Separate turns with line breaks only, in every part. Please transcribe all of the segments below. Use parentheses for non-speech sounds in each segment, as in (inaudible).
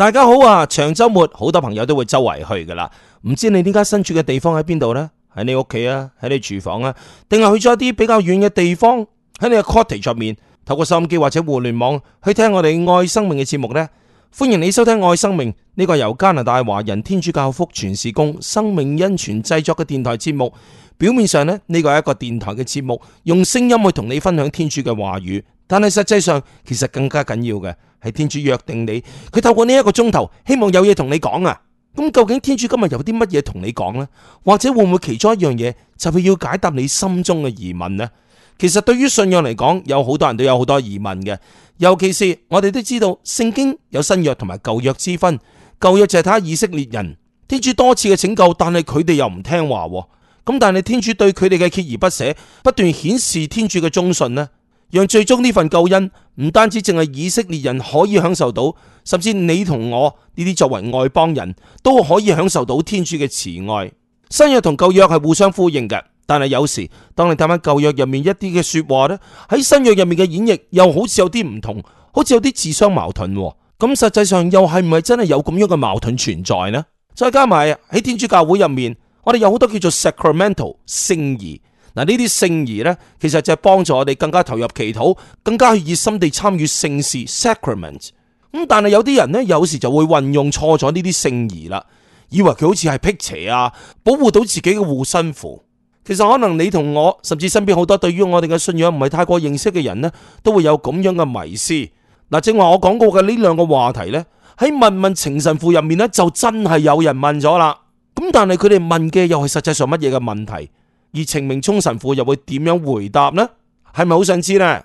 大家好啊！長周末好多朋友都會周圍去噶啦，唔知你呢家身處嘅地方喺邊度呢？喺你屋企啊，喺你廚房啊，定係去咗一啲比較遠嘅地方？喺你嘅 cottage 上面，透過收音機或者互聯網去聽我哋愛生命嘅節目呢？歡迎你收聽愛生命呢個由加拿大華人天主教福傳事工生命恩泉製作嘅電台節目。表面上呢，呢個係一個電台嘅節目，用聲音去同你分享天主嘅話語，但係實際上其實更加緊要嘅，係天主約定你，佢透過呢一個鐘頭，希望有嘢同你講啊！咁究竟天主今日有啲乜嘢同你講呢？或者會唔會其中一樣嘢就會要解答你心中嘅疑問呢？其實對於信仰嚟講，有好多人都有好多疑問嘅，尤其是我哋都知道聖經有新約同埋舊約之分，舊約就係睇下以色列人，天主多次嘅拯救，但係佢哋又唔聽話，咁但係天主對佢哋嘅鍥而不捨，不斷顯示天主嘅忠信呢。讓最終呢份救恩唔單止淨係以色列人可以享受到，甚至你同我呢啲作為外邦人，都可以享受到天主嘅慈愛。新約同舊約係互相呼應嘅，但係有時當你睇翻舊約入面一啲嘅說話咧，喺新約入面嘅演繹又好似有啲唔同，好似有啲自相矛盾。咁實際上又係唔係真係有咁樣嘅矛盾存在呢？再加埋喺天主教會入面，我哋有好多叫做 Sacramental 聖儀。嗱呢啲聖儀呢，其實就係幫助我哋更加投入祈禱，更加熱心地參與聖事 （Sacrament）。咁 Sac 但係有啲人呢，有時就會運用錯咗呢啲聖儀啦，以為佢好似係辟邪啊，保護到自己嘅護身符。其實可能你同我，甚至身邊好多對於我哋嘅信仰唔係太過認識嘅人呢，都會有咁樣嘅迷思。嗱，正話我講過嘅呢兩個話題呢，喺問問情神父入面呢，就真係有人問咗啦。咁但係佢哋問嘅又係實際上乜嘢嘅問題？而程明聰神父又會點樣回答呢？係咪好想知呢？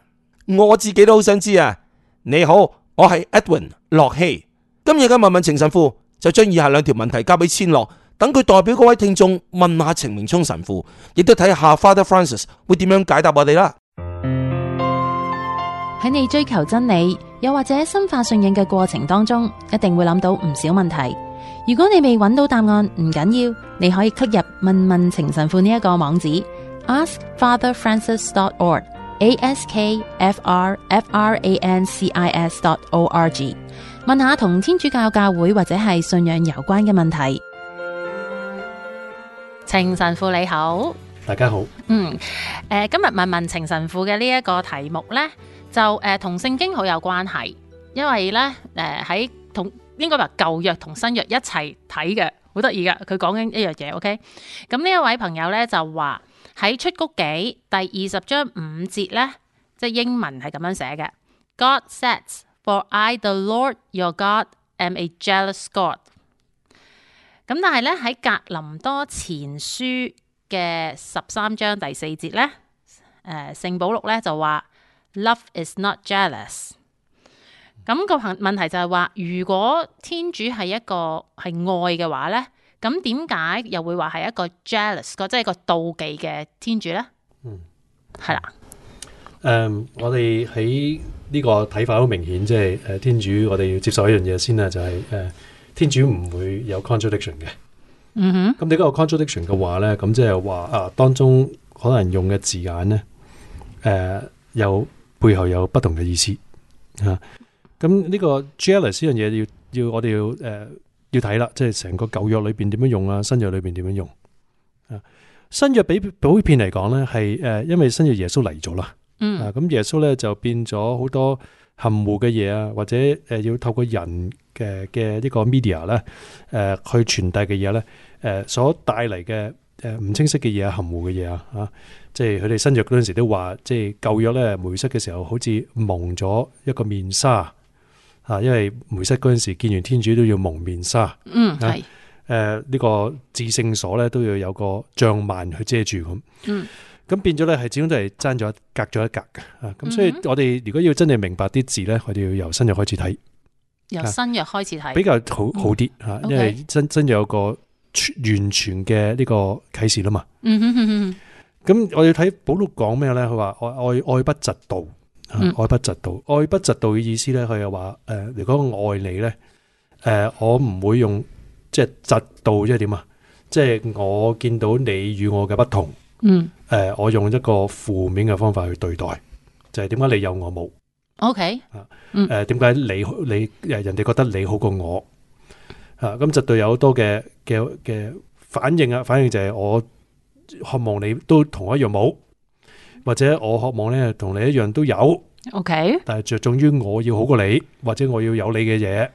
我自己都好想知啊！你好，我係 Edwin 洛希。今日嘅問問情神父，就將以下兩條問題交俾千樂，等佢代表各位聽眾問下程明聰神父，亦都睇下 Father Francis 會點樣解答我哋啦。
喺你追求真理，又或者深化信仰嘅過程當中，一定會諗到唔少問題。如果你未搵到答案，唔緊要，你可以 click 入問問情神父呢一個網址 AskFatherFrancis.org，問下同天主教教會或者係信仰有關嘅問題。情神父你好，大家好。嗯，誒、呃，今日問問情神父嘅呢一個題目呢，就誒同聖經好有關係，因為呢誒喺、呃、同。應該話舊約同新約一齊睇嘅，好得意噶。佢講緊一樣嘢，OK。咁呢一位朋友呢，就話喺出谷紀第二十章五節呢，即英文係咁樣寫嘅。God says, for I, the Lord your God, am a jealous God。咁但係呢，喺格林多前書嘅十三章第四節呢、呃，聖保祿呢，就話 Love is not jealous。咁個問題就係話，如果天主係一個係愛嘅話咧，咁點解又會話係一個 jealous，個即係個妒忌嘅天主咧？嗯，係啦的。
誒，um, 我哋喺呢個睇法好明顯，即係誒天主，我哋要接受一樣嘢先啊，就係、是、誒天主唔會有 contradiction 嘅。嗯哼。咁你嗰個 contradiction 嘅話咧，咁即係話啊，當中可能用嘅字眼咧，誒、啊、有背後有不同嘅意思嚇。啊。咁呢個 jealous 呢樣嘢要要我哋要、呃、要睇啦，即係成個舊約裏邊點樣用啊，新約裏邊點樣用啊？新約比普遍嚟講咧，係因為新約耶穌嚟咗啦，嗯，啊，咁耶穌咧就變咗好多含糊嘅嘢啊，或者要透過人嘅嘅呢個 media 咧、呃、去傳遞嘅嘢咧，所帶嚟嘅唔清晰嘅嘢、含糊嘅嘢啊，即係佢哋新約嗰陣時都話，即係舊約咧，梅瑟嘅時候好似蒙咗一個面紗。因為梅瑟嗰陣時見完天主都要蒙面紗，嗯係誒呢個至聖所咧，都要有個帳幔去遮住咁，嗯咁變咗咧係始終都係爭咗隔咗一隔嘅啊，咁、嗯、哼所以我哋如果要真係明白啲字咧，我哋要由新約開始睇，由新約開始睇比較好好啲吓，嗯、因為真真有個完全嘅呢個啟示啦嘛，咁、嗯、我要睇保祿講咩咧？佢話愛愛愛不嫉妒。愛不嫉妒，愛不嫉妒嘅意思咧，佢又話：誒，如果愛你咧，誒，我唔會用即係嫉妒，即係點啊？即係我見到你與我嘅不同，嗯，誒，我用一個負面嘅方法去對待，就係點解你有我冇
？OK，啊，
誒，點解你你誒人哋覺得你好過我？啊，咁嫉妒有好多嘅嘅嘅反應啊！反應就係我渴望你都同一樣冇。或者我渴望咧同你一樣都有，OK，但係着重於我要好過你，或者我要有你嘅嘢。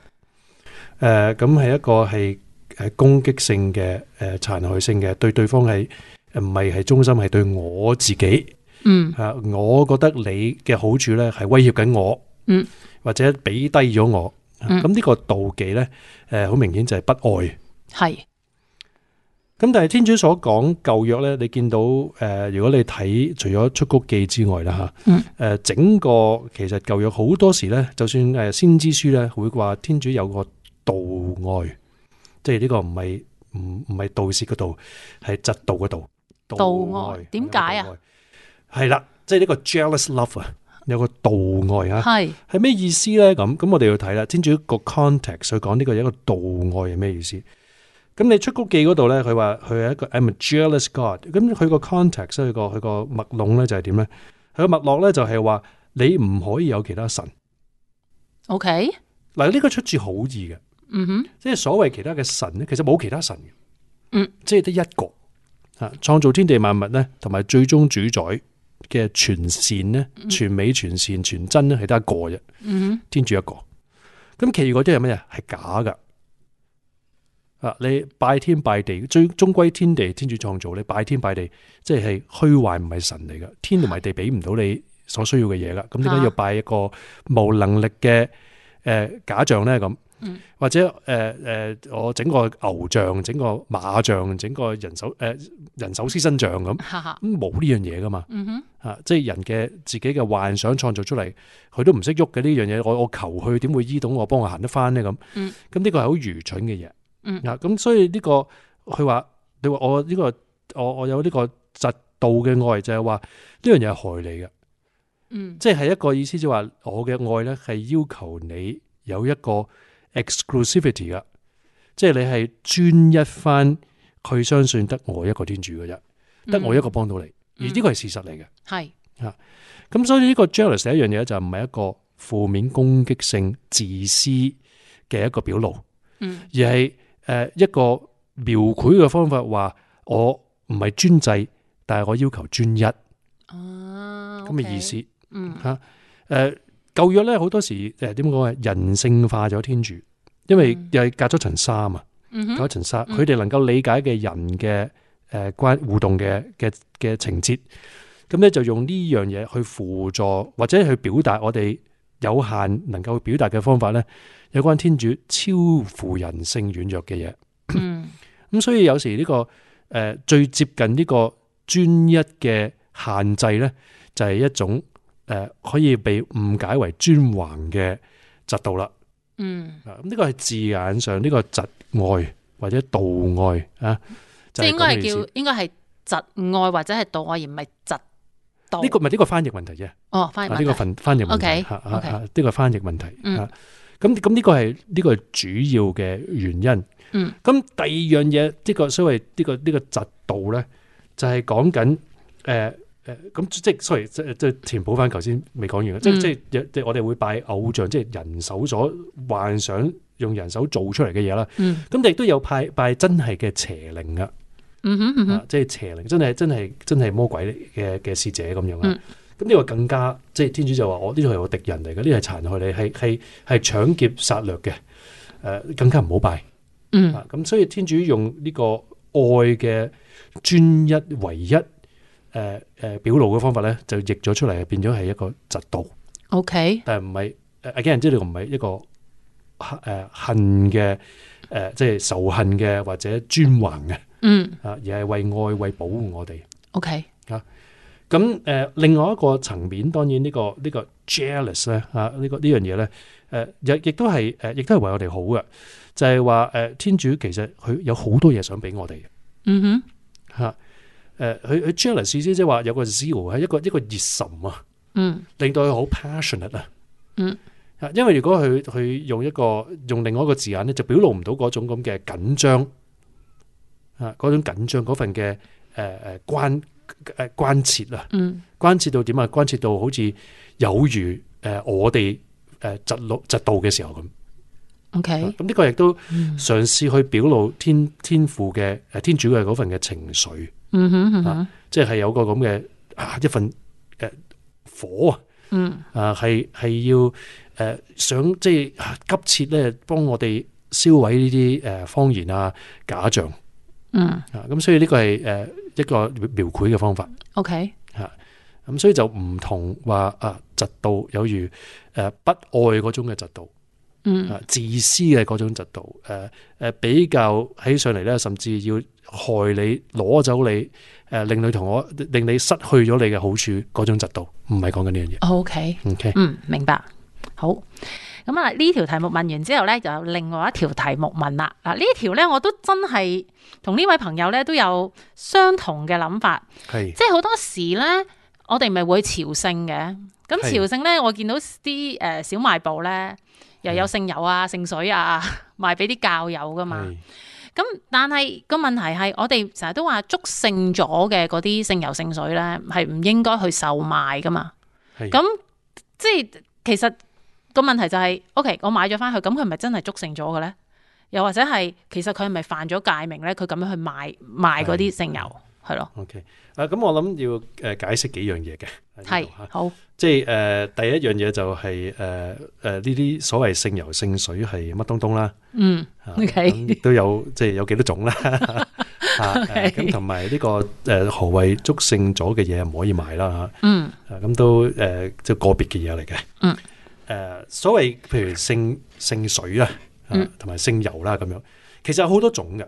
誒，咁係一個係誒攻擊性嘅、誒殘害性嘅，對對方係唔係係忠心係對我自己。嗯，啊，我覺得你嘅好處咧係威脅緊我。嗯，或者俾低咗我。嗯，咁呢個妒忌咧，誒好明顯就係不愛。係。咁但係天主所講舊約咧，你見到誒、呃，如果你睇除咗出谷記之外啦吓，誒、嗯呃，整個其實舊約好多時咧，就算誒先知書咧，會話天主有個道愛，即係呢個唔係唔唔係道士嘅道，係執道嘅道。道愛點解啊？係啦，即係呢個 jealous love 啊，有個道愛啊。係係咩意思咧？咁咁我哋要睇啦，天主個個 context 去講呢個一個道愛係咩意思？咁你出谷記嗰度咧，佢話佢係一個 I'm a jealous God ext, 蜜蜜。咁佢個 context，佢個佢個脈絡咧就係點咧？佢個脈絡咧就係話你唔可以有其他神。
OK，
嗱呢個出自好意嘅。哼、mm，hmm. 即係所謂其他嘅神咧，其實冇其他神嘅。嗯、mm，hmm. 即係得一個吓，創、啊、造天地萬物咧，同埋最終主宰嘅全善咧、mm hmm. 全美、全善、全真咧，係得一個啫。哼、mm，hmm. 天主一個。咁其餘嗰啲係咩啊？係假噶。啊！你拜天拜地，最終歸天地天主創造。你拜天拜地，即係虛幻，唔係神嚟噶。天同埋地俾唔到你所需要嘅嘢噶。咁點解要拜一個無能力嘅誒假象咧？咁的或者誒誒、呃呃，我整個牛像，整個馬像，整個人手誒、呃、人手撕身像咁，咁冇呢樣嘢噶嘛？啊的，即係的人嘅自己嘅幻想創造出嚟，佢都唔識喐嘅呢樣嘢。我我求佢點會醫到我，幫我行得翻咧？咁的，咁呢個係好愚蠢嘅嘢。嗯，咁、嗯嗯、所以呢、呢個佢話，你話我呢、呢個，我我有呢個嫉妒嘅愛就是說，就係話呢樣嘢係害你嘅，嗯，即係一個意思就話我嘅愛咧係要求你有一個 exclusivity 噶，即係你係專一翻，佢相信得我一個天主嘅啫，得、嗯、我一個幫到你，而呢個係事實嚟嘅，係、嗯，吓、嗯，咁、嗯、所以呢個 jealous 寫一樣嘢就唔係一個負面攻擊性自私嘅一個表露，嗯、而係。誒，一個描繪嘅方法，話我唔係專制，但係我要求專一。啊，咁嘅意思，吓、嗯，誒，舊約咧好多時誒，點講啊？人性化咗天主，因為又係隔咗層紗嘛，嗯、隔咗層紗，佢哋、嗯、能夠理解嘅人嘅誒，關、嗯、互動嘅嘅嘅情節，咁咧、嗯、就用呢樣嘢去輔助或者去表達我哋有限能夠表達嘅方法咧。有關天主超乎人性軟弱嘅嘢，咁、嗯、 (coughs) 所以有時呢、這個誒、呃、最接近呢個專一嘅限制咧，就係、是、一種誒、呃、可以被誤解為專橫嘅嫉妒啦。嗯，咁呢個係字眼上呢個嫉愛或者妒愛啊，即、就、係、是、應該係叫
應該係嫉愛或者係妒愛而不是疾，而唔係嫉妒。呢個
咪呢個翻譯問題啫。
哦，翻譯問題。呢、啊這個翻翻譯問題。
呢個翻譯問題。嗯咁咁呢個係呢個主要嘅原因。嗯，咁第二樣嘢，呢個所謂呢個呢個習道咧，就係講緊誒誒，咁即係 sorry，即係、嗯、即係填補翻頭先未講完嘅，即即係我哋會拜偶像，即係人手所幻想用人手做出嚟嘅嘢啦。嗯，咁亦都有拜拜真係嘅邪靈啊。嗯哼，即係邪靈，真係真係真係魔鬼嘅嘅使者咁樣啊。嗯。咁呢個更加即係天主就話我呢度係我敵人嚟嘅，呢個係殘害你，係係係搶劫殺掠嘅，誒更加唔好拜。嗯，咁所以天主用呢個愛嘅專一唯一，誒誒表露嘅方法咧，就譯咗出嚟，變咗係一個嫉妒。OK，但係唔係誒，我今日知道唔係一個恨誒恨嘅，誒即係仇恨嘅或者專橫嘅。嗯，啊而係為愛為保護我哋。
O K，吓。
咁誒，另外一個層面，當然呢、這個呢、這個 jealous 咧、啊，吓、這、呢個呢樣嘢咧，誒、這個，亦、啊、亦都係誒，亦、啊、都係為我哋好嘅，就係話誒，天主其實佢有好多嘢想俾我哋嘅，嗯哼，吓、啊，誒，佢佢 jealous 意思即係話有個 zeal 係一個 zero, 一個熱忱啊，神嗯，令到佢好 passionate 啊，嗯，啊，因為如果佢佢用一個用另外一個字眼咧，就表露唔到嗰種咁嘅緊張，啊，嗰種緊張嗰份嘅誒誒關。誒，關切啦，嗯，關切到點啊？關切到好似有如誒，我哋誒，疾路疾道嘅時候咁。
OK，
咁呢個亦都嘗試去表露天天父嘅誒，天主嘅嗰份嘅情緒。吓、mm，即、hmm. 係、啊就是、有個咁嘅一份誒火啊。嗯，啊，係係、啊啊、要誒、啊，想即係、就是啊、急切咧，幫我哋銷毀呢啲誒謊言啊假象。嗯咁、mm hmm. 啊、所以呢個係誒。啊一個描繪嘅方法
，OK 吓、
嗯，咁所以就唔同話啊，嫉妒，有如誒不愛嗰種嘅嫉妒，嗯、啊，自私嘅嗰種嫉妒，誒、啊、誒，比較起上嚟咧，甚至要害你攞走你，誒、啊，令你同我，令你失去咗你嘅好處嗰種嫉妒，唔係講緊呢樣嘢
，OK，OK，嗯，明白，好。咁啊！呢條題目問完之後咧，就有另外一條題目問啦。嗱，呢條咧我都真係同呢位朋友咧都有相同嘅諗法，係是即係好多時咧，呢是我哋咪會朝聖嘅。咁朝聖咧，我見到啲誒小賣部咧，又有聖油啊、聖是水啊，賣俾啲教友噶嘛咁是但係個問題係，我哋成日都話，祝聖咗嘅嗰啲聖油、聖水咧，係唔應該去售賣噶嘛咁是即係其實。個問題就係，OK，我買咗翻去，咁佢咪真係祝聖咗嘅咧？又或者係，其實佢係咪犯咗界明咧？佢咁樣去賣賣嗰啲性油，係咯？OK，
啊，咁我諗要誒解釋幾樣嘢嘅，
係，
好，即係誒第一樣嘢就係誒誒呢啲所謂性油性水係乜東東啦，
嗯，OK，
亦都有即係有幾多種啦，吓，咁同埋呢個誒何謂祝聖咗嘅嘢唔可以賣啦，吓，嗯，啊咁都誒即係個別嘅嘢嚟嘅，嗯。誒、呃，所謂譬如聖聖水啊，同埋聖油啦，咁樣，其實有好多種嘅，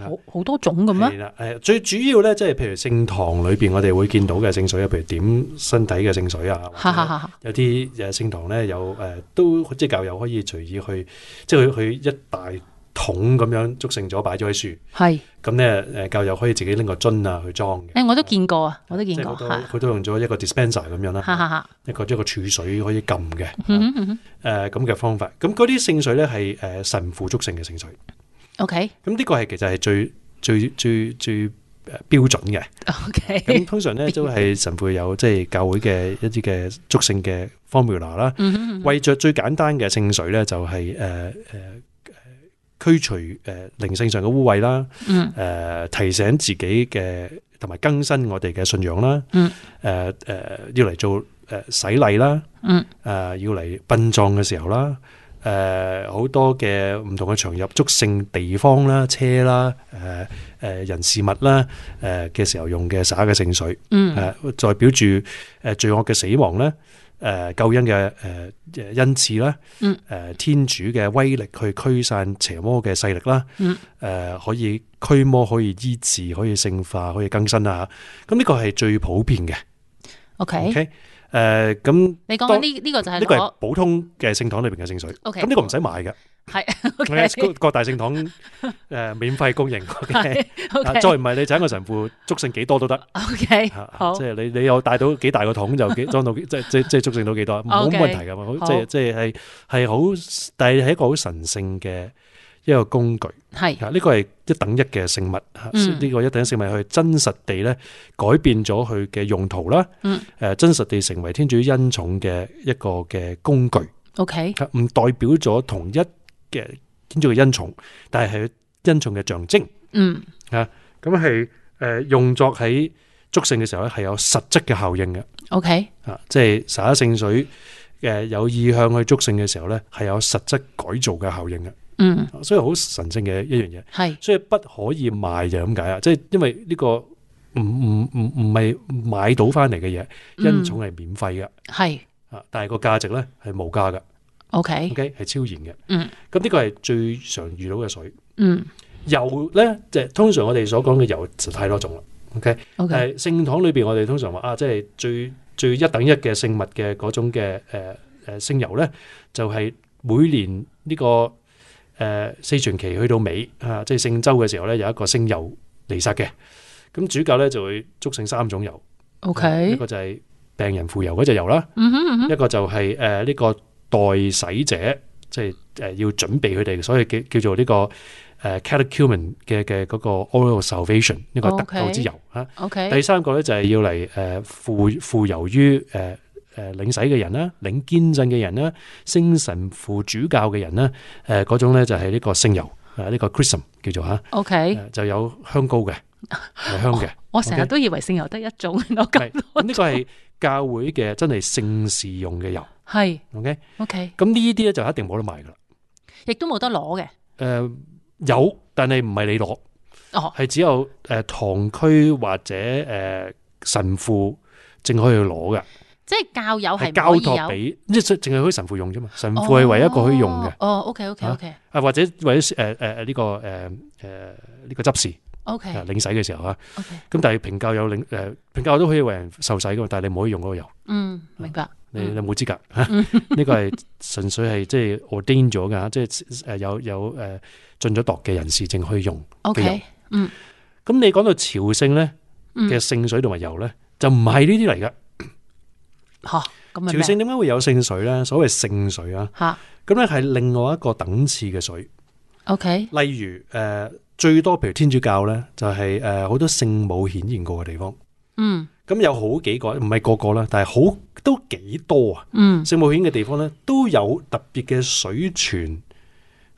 好好多種咁啊。係啦，誒、呃，最主要咧，即係譬如聖堂裏邊，我哋會見到嘅聖水啊，譬如點身體嘅聖水啊， (laughs) 有啲誒聖堂咧有誒、呃，都即係教友可以隨意去，即係去去一帶。桶咁樣祝聖咗擺咗喺樹，係咁咧，誒教友可以自己拎個樽啊去裝
嘅。誒，我都見過啊，我都見過，佢
都，、啊、都用咗一個 dispenser 咁樣啦，啊、一個、啊、一個儲水可以撳嘅，誒咁嘅方法。咁嗰啲聖水咧係誒神父祝聖嘅聖水，OK。咁呢、嗯、哼個係其實係最最最最標準嘅，OK。咁、嗯、哼通常咧都係神父有即係教會嘅一啲嘅祝聖嘅 formula 啦、嗯，嗯、為着最簡單嘅聖水咧就係誒誒。呃驅除誒靈性上嘅污穢啦，誒提醒自己嘅，同埋更新我哋嘅信仰啦，誒誒要嚟做誒洗禮啦，誒要嚟殯葬嘅時候啦，誒好多嘅唔同嘅場合祝聖地方啦、車啦、誒誒人事物啦、誒嘅時候用嘅撒嘅聖水，誒代表住誒罪惡嘅死亡咧。誒，救恩嘅誒恩賜啦，誒，天主嘅威力去驅散邪魔嘅勢力啦，誒、嗯呃，可以驅魔可以，可以醫治，可以聖化，可以更新啊！吓咁呢個係最普遍嘅。
OK。Okay?
誒，咁、呃、你講呢
呢個就係呢個係普
通嘅聖堂裏邊嘅聖水。咁呢 Okay, 個唔使買嘅，係係 okay, 各大聖堂誒、呃、免費供應。Okay, 再唔係你請個神父祝聖幾多都得。o okay,、啊、好，即係你你有帶到幾大個桶就裝到即即即祝聖到幾多，冇問題噶嘛。即係即係係好，但係係一個好神聖嘅。一個工具係，啊，呢個係一等一嘅聖物，呢個一等一聖物去真實地咧改變咗佢嘅用途啦，誒真實地成為天主恩寵嘅一個嘅工具，OK，唔代表咗同一嘅天主嘅恩寵，但係係恩寵嘅象徵，嗯吓，咁係誒用作喺祝聖嘅時候咧係有實質嘅效應嘅，OK 吓，即係灑聖水嘅有意向去祝聖嘅時候咧係有實質改造嘅效應嘅。嗯，所以好神聖嘅一樣嘢，係所以不可以賣就咁解啊。即係因為呢個唔唔唔唔係買到翻嚟嘅嘢，嗯、恩寵係免費嘅，係啊，但係個價值咧係無價嘅。O K O K 係超然嘅。嗯，咁呢個係最常遇到嘅水。
嗯，
油咧就通常我哋所講嘅油就太多種啦。O K O K，係聖堂裏邊我哋通常話啊，即係最最一等一嘅聖物嘅嗰種嘅誒誒，呃呃、聖油咧就係每年呢個。誒、呃、四傳奇去到尾啊，即係聖週嘅時候咧，有一個聖油彌撒嘅。咁主教咧就會祝聖三種油。OK，一個就係病人傅油嗰隻油啦。一個就係呢個代洗者，即、就、係、是呃、要準備佢哋，所以叫叫做呢、這個誒、呃、catechumen 嘅嘅嗰個 oil salvation 呢個得救之油 Okay. 啊。OK，第三個咧就係要嚟誒傅傅油於誒。呃誒，領洗嘅人啦，領堅振嘅人啦，升神父主教嘅人啦，誒，嗰種咧就係呢個聖油啊，呢個 chrism 叫做吓，ok，就有香膏嘅，係香嘅。我成日都以
為聖油得一種，攞
咁多。呢個係教會嘅真係聖事用嘅油，係 ok ok。咁呢啲咧就一定冇得賣噶啦，
亦都冇得攞嘅。
誒，有，但係唔係你攞，哦，係只有誒堂區或者誒神父正可以攞嘅。
即係教友係交託俾，
即係淨係可以神父用啫嘛。神父係唯一一個可以用嘅。哦
，OK，OK，OK。
啊，或者或者誒誒誒呢個誒誒呢個執事，OK 領洗嘅時候啊。咁但係憑教友領誒，憑教友都可以為人受洗噶嘛。但係你唔可以用嗰個油。
嗯，明白。
你你冇資格吓。呢個係純粹係即係 ordain 咗嘅，即係誒有有誒進咗鐸嘅人士，正可以用嘅油。OK。嗯。咁你講到朝聖咧嘅聖水同埋油咧，就唔係呢啲嚟嘅。
吓咁啊！朝聖點
解會有聖水咧？所謂聖水啊，吓咁咧係另外一個等次嘅水。OK，例如誒、呃、最多譬如天主教咧，就係誒好多聖母顯現過嘅地方。
嗯，
咁、嗯、有好幾個唔係個個啦，但係好都幾多。嗯，聖母顯嘅地方咧都有特別嘅水泉，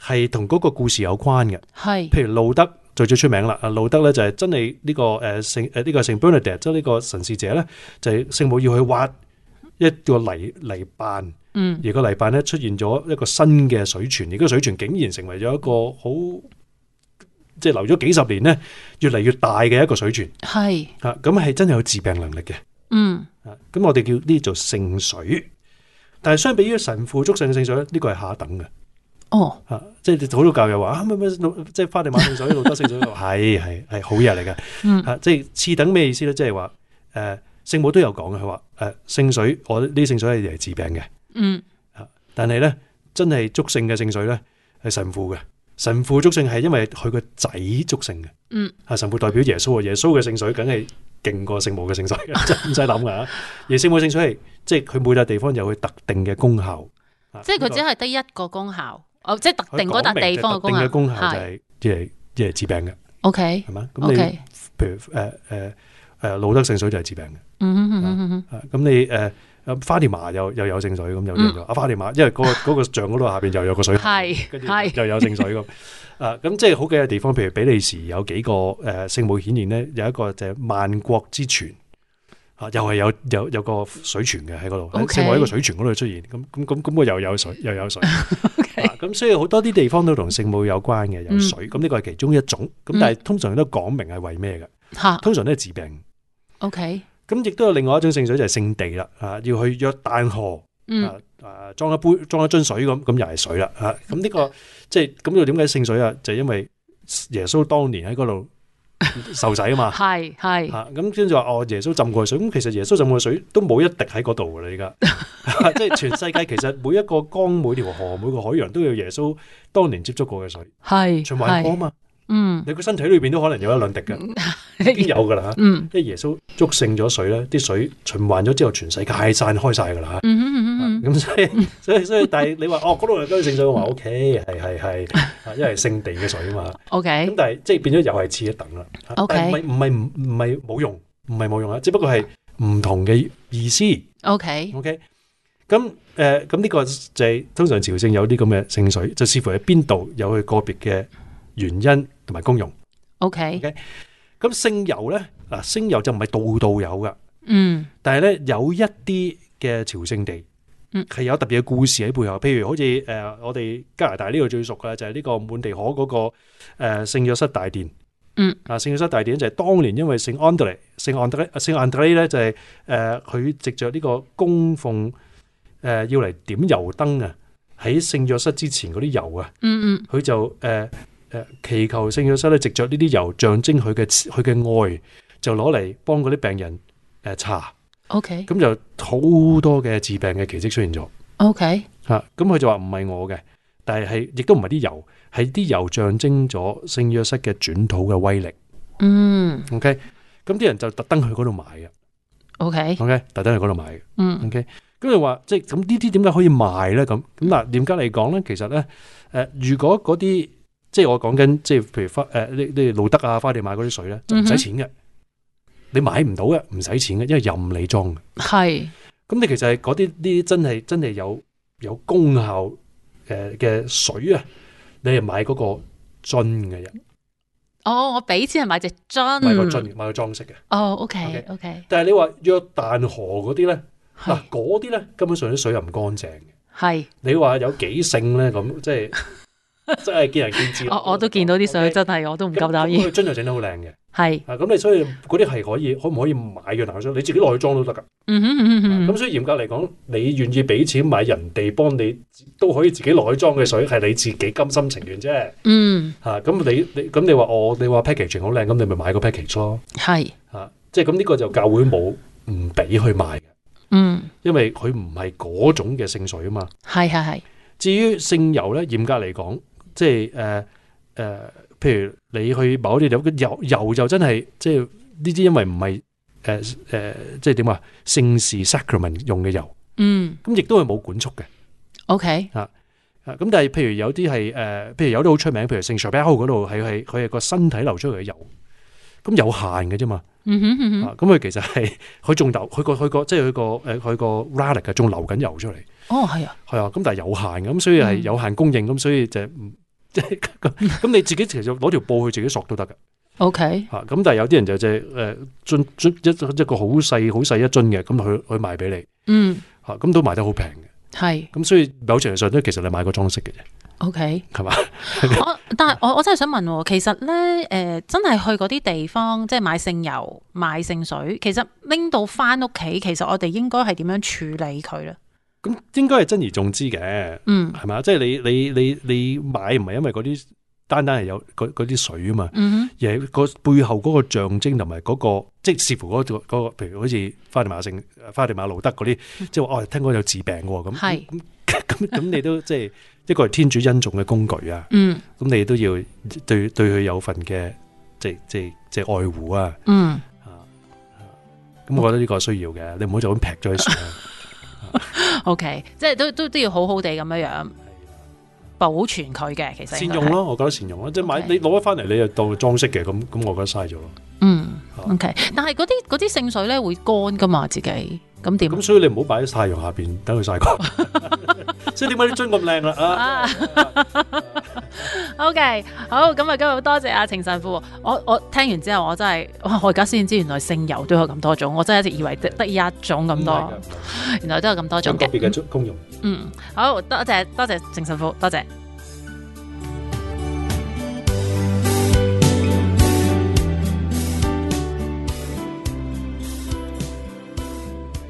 係同嗰個故事有關嘅。係是，譬如路德最最出名啦。啊，路德咧就係真係呢、這個誒聖誒呢個聖 Bernadette，即係呢個神事者咧，就係聖母要去挖。一個泥泥板，
而
個泥板咧出現咗一個新嘅水泉。嗯、而個水泉竟然成為咗一個好即係流咗幾十年咧，越嚟越大嘅一個水泉，係是啊，咁係真係有治病能力嘅。嗯、咁、啊、我哋叫呢做聖水，但係相比於神父祝聖嘅聖水咧，呢、這個係下等嘅。哦啊，即係好多教友話啊什麼什麼，即係花地瑪聖水、路德聖水，係係係好嘢嚟嘅。嗯、啊、即係次等咩意思咧？即係話誒。呃聖母都有講嘅，佢話誒聖水，我呢啲聖水係嚟治病嘅。嗯，啊，但係咧真係祝聖嘅聖水咧係神父嘅，神父祝聖係因為佢個仔祝聖嘅。
嗯，
啊神父代表耶穌啊，耶穌嘅聖水梗係勁過聖母嘅聖水嘅，唔使諗噶。耶聖母聖水係即係佢每笪地方有佢特定嘅功效，即係佢只係
得一個功效，哦，即係特定嗰笪地方嘅功效就係，即係
即係治病嘅。O K 係嘛？咁你譬如誒誒。誒露德聖水就係治病嘅，嗯嗯嗯嗯，咁你誒花地瑪又又有聖水，咁又叫做啊花地瑪，因為嗰個嗰個像嗰度下邊又有個水，係，跟住又有聖水咁，誒咁即係好幾個地方，譬如比利時有幾個誒聖母顯現咧，有一個就係萬國之泉，嚇又係有有有個水泉嘅喺嗰度，聖母喺個水泉嗰度出現，咁咁咁咁個又有水又有水，OK，咁所以好多啲地方都同聖母有關嘅有水，咁呢個係其中一種，咁但係通常都講明係為咩嘅，通常都係治病。O K，咁亦都有另外一種聖水就係、是、聖地啦，啊，要去約旦河啊，啊，裝一杯裝一樽水咁，咁又係水啦，啊，咁呢、這個即係咁又點解聖水啊？就是、因為耶穌當年喺嗰度受洗啊嘛，係係咁先至話哦，耶穌浸過水。咁其實耶穌浸過水都冇一滴喺嗰度噶啦，依、啊、家 (laughs) 即係全世界其實每一個江、每條河、每個海洋都有耶穌當年接觸過嘅水，
係 (laughs) 是循環㗎嘛。嗯，
你個身體裏邊都可能有一兩滴嘅，已經有噶啦吓。嗯，因為耶穌捉聖咗水咧，啲水循環咗之後，全世界散開晒噶啦吓。咁所以所以所以，但係你話哦，嗰度都聖水，話 O K，係係係，啊，因為聖地嘅水啊嘛。O K，咁但係即係變咗又係次一等啦。O K，唔係唔係唔唔係冇用，唔係冇用啊，只不過係唔同嘅意思。
O K，O K，
咁誒，咁呢個就係通常朝聖有啲咁嘅聖水，就似乎喺邊度有佢個別嘅原因。同埋公用，OK，咁聖、okay? 油咧嗱，聖油就唔係度度有噶，嗯、mm.，但係咧有一啲嘅朝聖地，嗯，係有特別嘅故事喺背後，譬如好似誒、呃、我哋加拿大呢度最熟嘅就係呢個滿地可嗰、那個誒聖、呃、約瑟大殿，嗯，啊聖約瑟大殿就係當年因為聖安德烈，聖安德，聖安德烈咧就係誒佢藉着呢個供奉誒、呃、要嚟點油燈啊，喺聖約瑟之前嗰啲油啊，嗯嗯、mm.，佢就誒。誒，祈求聖約瑟咧，藉著呢啲油象徵佢嘅佢嘅愛，就攞嚟幫嗰啲病人誒查，OK，咁就好多嘅治病嘅奇蹟出現咗
，OK，吓，
咁佢就話唔係我嘅，但係係亦都唔係啲油，係啲油象徵咗聖約瑟嘅轉土嘅威力，
嗯
，OK，咁啲人就特登去嗰度買嘅，OK，OK，特登去嗰度買嘅，嗯，OK，咁就話即係咁呢啲點解可以賣咧？咁咁嗱，嚴格嚟講咧？其實咧，誒，如果嗰啲即係我講緊，即係譬如花誒，呢呢路德啊，花地買嗰啲水咧，就唔使錢嘅。嗯、哼你買唔到嘅，唔使錢嘅，因為任你裝嘅。係是。咁你其實係嗰啲呢啲真係真係有有功效誒嘅水啊，你係買嗰個樽嘅人。
哦，我俾錢係買隻樽。買個樽，
買個裝飾嘅。哦
，OK，OK。Okay, okay okay?
但係你話約旦河嗰啲咧，嗱嗰啲咧根本上啲水又唔乾淨嘅。係是。你話有幾聖咧咁，即係。 (laughs) 真係見仁見智， (laughs) 我
我都見到啲水真係，okay, 我都唔夠膽用。樽
又整得好靚嘅，係是。咁、啊、你所以嗰啲係可以，可唔可以買嘅奶粉水？你自己去裝都得噶。咁、嗯嗯嗯啊、所以嚴格嚟講，你願意俾錢買人哋幫你，都可以自己去裝嘅水，係你自己甘心情願啫。嗯。吓、啊，咁你你咁你話我，你話 p a c k a g e n 好靚，咁你咪買個 p a c k a g e 咯。係是。吓、啊，即係咁呢個就教會冇唔俾去買。嗯。因為佢唔係嗰種嘅聖水啊嘛。係係係。至於聖油咧，嚴格嚟講。即係誒誒，譬如你去某啲地方，油油就真係即係呢啲，因為唔係誒誒，即係點啊？聖事 sacrament 用嘅油，
嗯，
咁亦都係冇管束嘅。O K 啊啊，咁但係譬如有啲係誒，譬如有啲好出名，譬如聖 Charbel 嗰度，係係佢係個身體流出嚟嘅油，咁有限嘅啫嘛。
嗯
哼，
咁佢其實係佢仲流，佢個佢個即係佢個誒，佢個 relic 嘅仲流緊油出嚟。
哦，
係
啊，係啊，咁但係有限嘅，咁所以係有限供應，咁所以就。即係咁， (laughs) 你自己其實攞條布去自己索都得嘅。O K，吓咁，但係有啲人就只誒樽樽一一個好細好細一樽嘅，咁佢佢賣俾你，
嗯，
吓咁都賣得好平嘅。係咁，所以某程度上都其實你買個裝飾嘅啫。O K，係嘛？
我但係我我真係想問，其實咧誒、呃，真係去嗰啲地方即係買聖油、買聖水，其實拎到翻屋企，其實我哋應該係點樣處理佢咧？
咁應該係珍而重之嘅，嗯，係嘛？即係你你你你買唔係因為嗰啲單單係有嗰啲水啊嘛，而係嗰個背後嗰個象徵同埋嗰個，即係視乎嗰個嗰個，譬如好似花地瑪聖、花地瑪路德嗰啲，即係話哦，聽講有治病嘅，哦，咁，係咁咁，係，你都即係一個係天主恩寵嘅工具啊，嗯，嗯，咁你都要對對佢有份嘅，即係即係即係愛護啊，嗯，咁，啊，我覺得呢個需要嘅，你唔好就咁劈咗啲水。
(laughs) o、okay, K，即係都都都要好好地咁樣樣保存佢嘅，其實善用咯，
我覺得善用咯，Okay. 即係買你攞咗翻嚟，你又當裝飾嘅，咁咁我覺得嘥咗。
嗯、啊，OK，但係嗰啲嗰啲聖水咧會乾噶嘛？自己咁點？咁
所以你唔好擺喺太陽下邊等佢曬乾，即
係點解啲樽咁靚啦？啊，OK，好，咁啊今日多謝阿程神父，我我聽完之後我真係哇，我而家先知原來聖油都有咁多種，我真係一直以為得得一種咁多， (laughs) 原來都有咁多種嘅，特別嘅功用嗯。嗯，好多謝多謝程神父，多謝。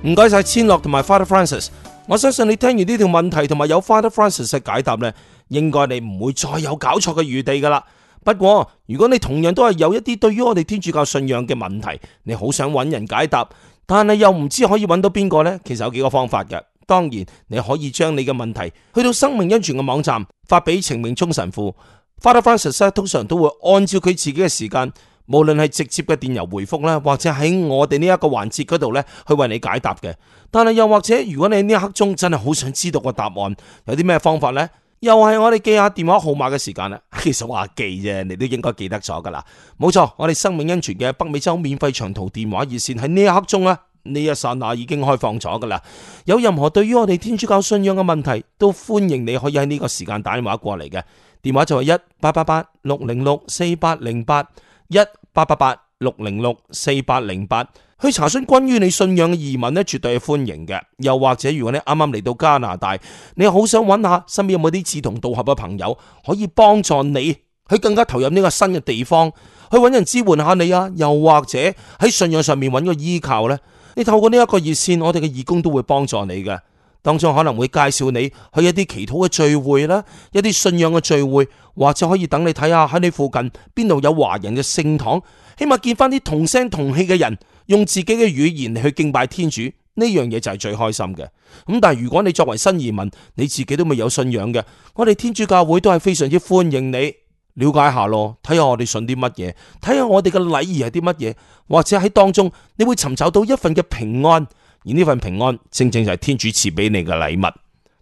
唔該晒千樂同埋 Father Francis，我相信你聽完呢條問題同埋有 Father Francis 嘅解答咧，應該你唔會再有搞錯嘅餘地噶啦。不過如果你同樣都係有一啲對於我哋天主教信仰嘅問題，你好想揾人解答，但係又唔知可以揾到邊個呢，其實有幾個方法嘅。當然你可以將你嘅問題去到生命恩泉嘅網站發俾程明聰神父，Father Francis 通常都會按照佢自己嘅時間。無論係直接嘅電郵回覆啦，或者喺我哋呢一個環節嗰度咧，去為你解答嘅。但係又或者，如果你呢一刻中真係好想知道個答案，有啲咩方法呢？又係我哋記下電話號碼嘅時間啦。其實話記啫，你都應該記得咗噶啦。冇錯，我哋生命恩泉嘅北美洲免費長途電話熱線喺呢一刻中啊，呢一剎那已經開放咗噶啦。有任何對於我哋天主教信仰嘅問題，都歡迎你可以喺呢個時間打電話過嚟嘅。電話就係一八八八六零六四八零八。一八八八六零六四八零八，去查詢關於你信仰嘅疑問咧，絕對係歡迎嘅。又或者，如果你啱啱嚟到加拿大，你好想揾下身邊有冇啲志同道合嘅朋友可以幫助你去更加投入呢個新嘅地方，去揾人支援下你啊。又或者喺信仰上面揾個依靠呢，你透過呢一個熱線，我哋嘅義工都會幫助你嘅。當中可能會介紹你去一啲祈禱嘅聚會啦，一啲信仰嘅聚會，或者可以等你睇下喺你附近邊度有華人嘅聖堂，起碼見翻啲同聲同氣嘅人，用自己嘅語言嚟去敬拜天主，呢樣嘢就係最開心嘅。咁但係如果你作為新移民，你自己都未有信仰嘅，我哋天主教會都係非常之歡迎你，了解下咯，睇下我哋信啲乜嘢，睇下我哋嘅禮儀係啲乜嘢，或者喺當中你會尋找到一份嘅平安。而呢份平安正正就係天主賜俾你嘅禮物。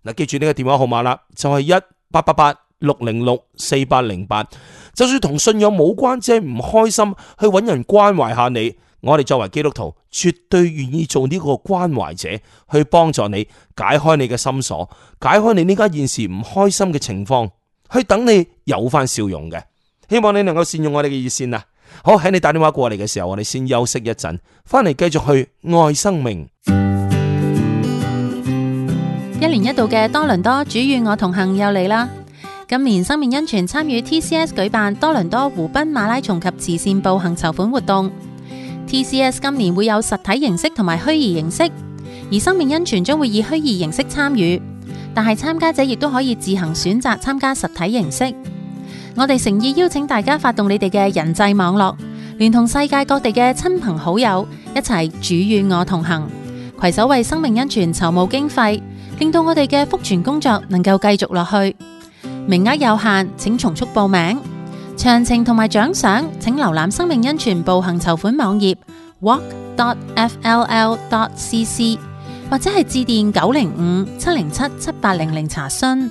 嗱，記住呢個電話號碼啦，就係一八八八六零六四八零八。就算同信仰冇關，即係唔開心，去搵人關懷下你。我哋作為基督徒，絕對願意做呢個關懷者，去幫助你解開你嘅心鎖，解開你呢家現時唔開心嘅情況，去等你有翻笑容嘅。希望你能夠善用我哋嘅熱線啊！好，喺你打電話過嚟嘅時候，我哋先休息一陣，翻嚟繼續去愛生命。
一年一度嘅多倫多主與我同行又嚟啦！今年生命恩泉參與 TCS 舉辦多倫多湖濱馬拉松及慈善步行籌款活動。TCS 今年會有實體形式同埋虛擬形式，而生命恩泉將會以虛擬形式參與，但係參加者亦都可以自行選擇參加實體形式。我哋誠意邀請大家發動你哋嘅人際網絡，聯同世界各地嘅親朋好友一齊主與我同行，攜手為生命恩泉籌募經費，令到我哋嘅福傳工作能夠繼續落去。名額有限，請從速報名。詳情同埋獎賞，請瀏覽生命恩泉步行籌款網頁 walk.fll.cc，或者係致電九零五七零七七八零零查詢。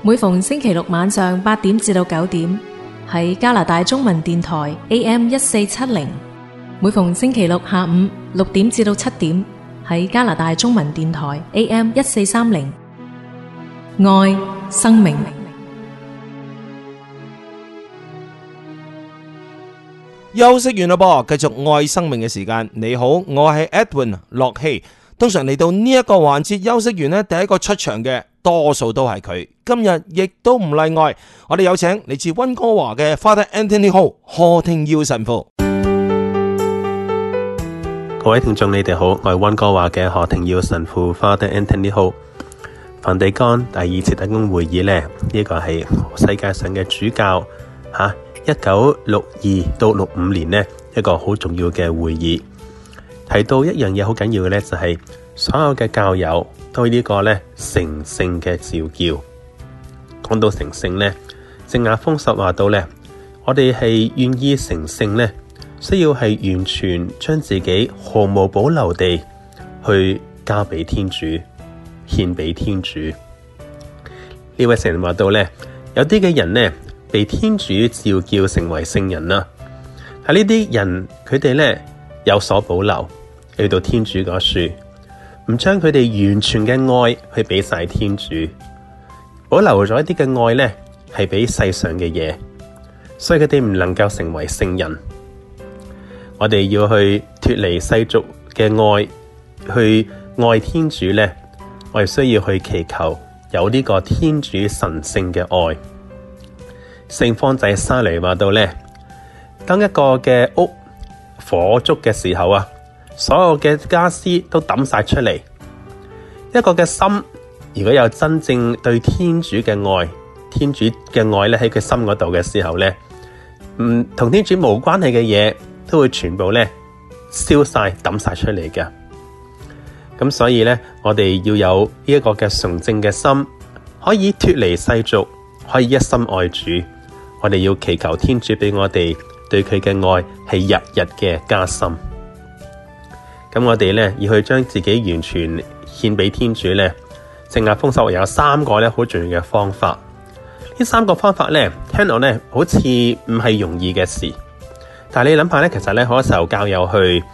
每逢星期六晚上八點至到九點，喺加拿大中文電台 AM 一四七零；每逢星期六下午六點至到七點，喺加拿大中文電台 AM 一四三零。愛生命，
休息完啦噃，繼續愛生命嘅時間。你好，我係 Edwin 洛希。通常嚟到呢一個環節休息完呢，第一個出場嘅。多數都係佢，今日亦都唔例外。我哋有請嚟自温哥華嘅 Father Anthony Ho 何廷耀神父。
各位聽眾，你哋好，我係温哥華嘅何廷耀神父 Father Anthony Ho。梵蒂岡第二次大公會議咧，呢個係世界上嘅主教嚇一九六二到六五年咧一個好重要嘅會議，提到一樣嘢好緊要嘅咧，就係所有嘅教友。對呢個咧成聖嘅召叫，講到成聖咧，聖雅風十話到咧，我哋係願意成聖咧，需要係完全將自己毫無保留地去交俾天主，獻俾天主。呢位聖人話到咧，有啲嘅人咧，被天主召叫成為聖人啦，啊，喺呢啲人佢哋咧有所保留去到天主嗰樹。唔將佢哋完全嘅愛去俾晒天主，我留咗一啲嘅愛呢，係俾世上嘅嘢，所以佢哋唔能夠成為聖人。我哋要去脫離世俗嘅愛，去愛天主呢。我哋需要去祈求有呢個天主神聖嘅愛。聖方濟沙尼話到呢，當一個嘅屋火燭嘅時候啊。所有嘅家私都抌晒出嚟，一個嘅心，如果有真正對天主嘅愛，天主嘅愛咧喺佢心嗰度嘅時候咧，嗯，同天主冇關係嘅嘢都會全部咧燒晒抌晒出嚟嘅。咁所以咧，我哋要有呢一個嘅純正嘅心，可以脱離世俗，可以一心愛主。我哋要祈求天主俾我哋對佢嘅愛係日日嘅加深。咁我哋咧，要去將自己完全獻俾天主咧，聖亞豐索，唯有三個咧好重要嘅方法。呢三個方法咧，聽落咧好似唔係容易嘅事，但係你諗下咧，其實咧可受教友去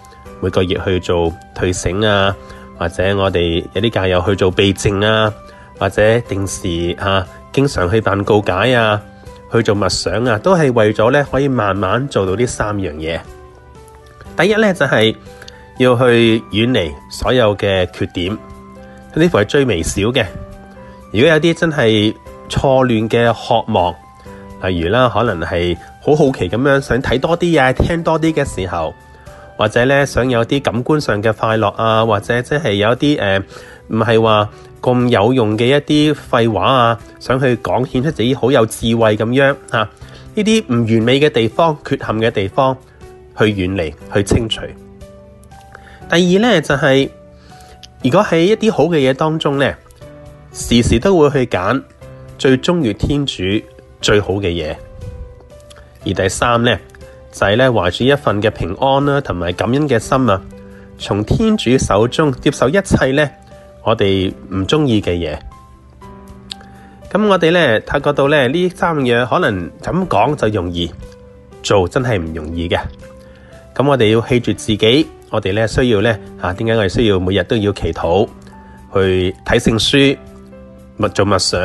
每個月去做退省啊，或者我哋有啲教友去做避靜啊，或者定時啊，經常去辦告解啊，去做默想啊，都係為咗咧可以慢慢做到呢三樣嘢。第一咧就係、是。要去遠離所有嘅缺點，呢啲係最微小嘅。如果有啲真係錯亂嘅渴望，例如啦，可能係好好奇咁樣想睇多啲嘢，聽多啲嘅時候，或者咧想有啲感官上嘅快樂啊，或者即係有一啲誒唔係話咁有用嘅一啲廢話啊，想去講顯出自己好有智慧咁樣吓，呢啲唔完美嘅地方、缺陷嘅地方，去遠離，去清除。第二咧就係、是、如果喺一啲好嘅嘢當中咧，時時都會去揀最中意天主最好嘅嘢。而第三咧就係咧懷住一份嘅平安啦、啊，同埋感恩嘅心啊，從天主手中接受一切咧，我哋唔中意嘅嘢。咁我哋咧察覺到咧呢，這三樣可能咁講就容易，做真係唔容易嘅。咁我哋要棄住自己。我哋咧需要咧吓，點解我哋需要每日都要祈禱，去睇聖書，默做默想，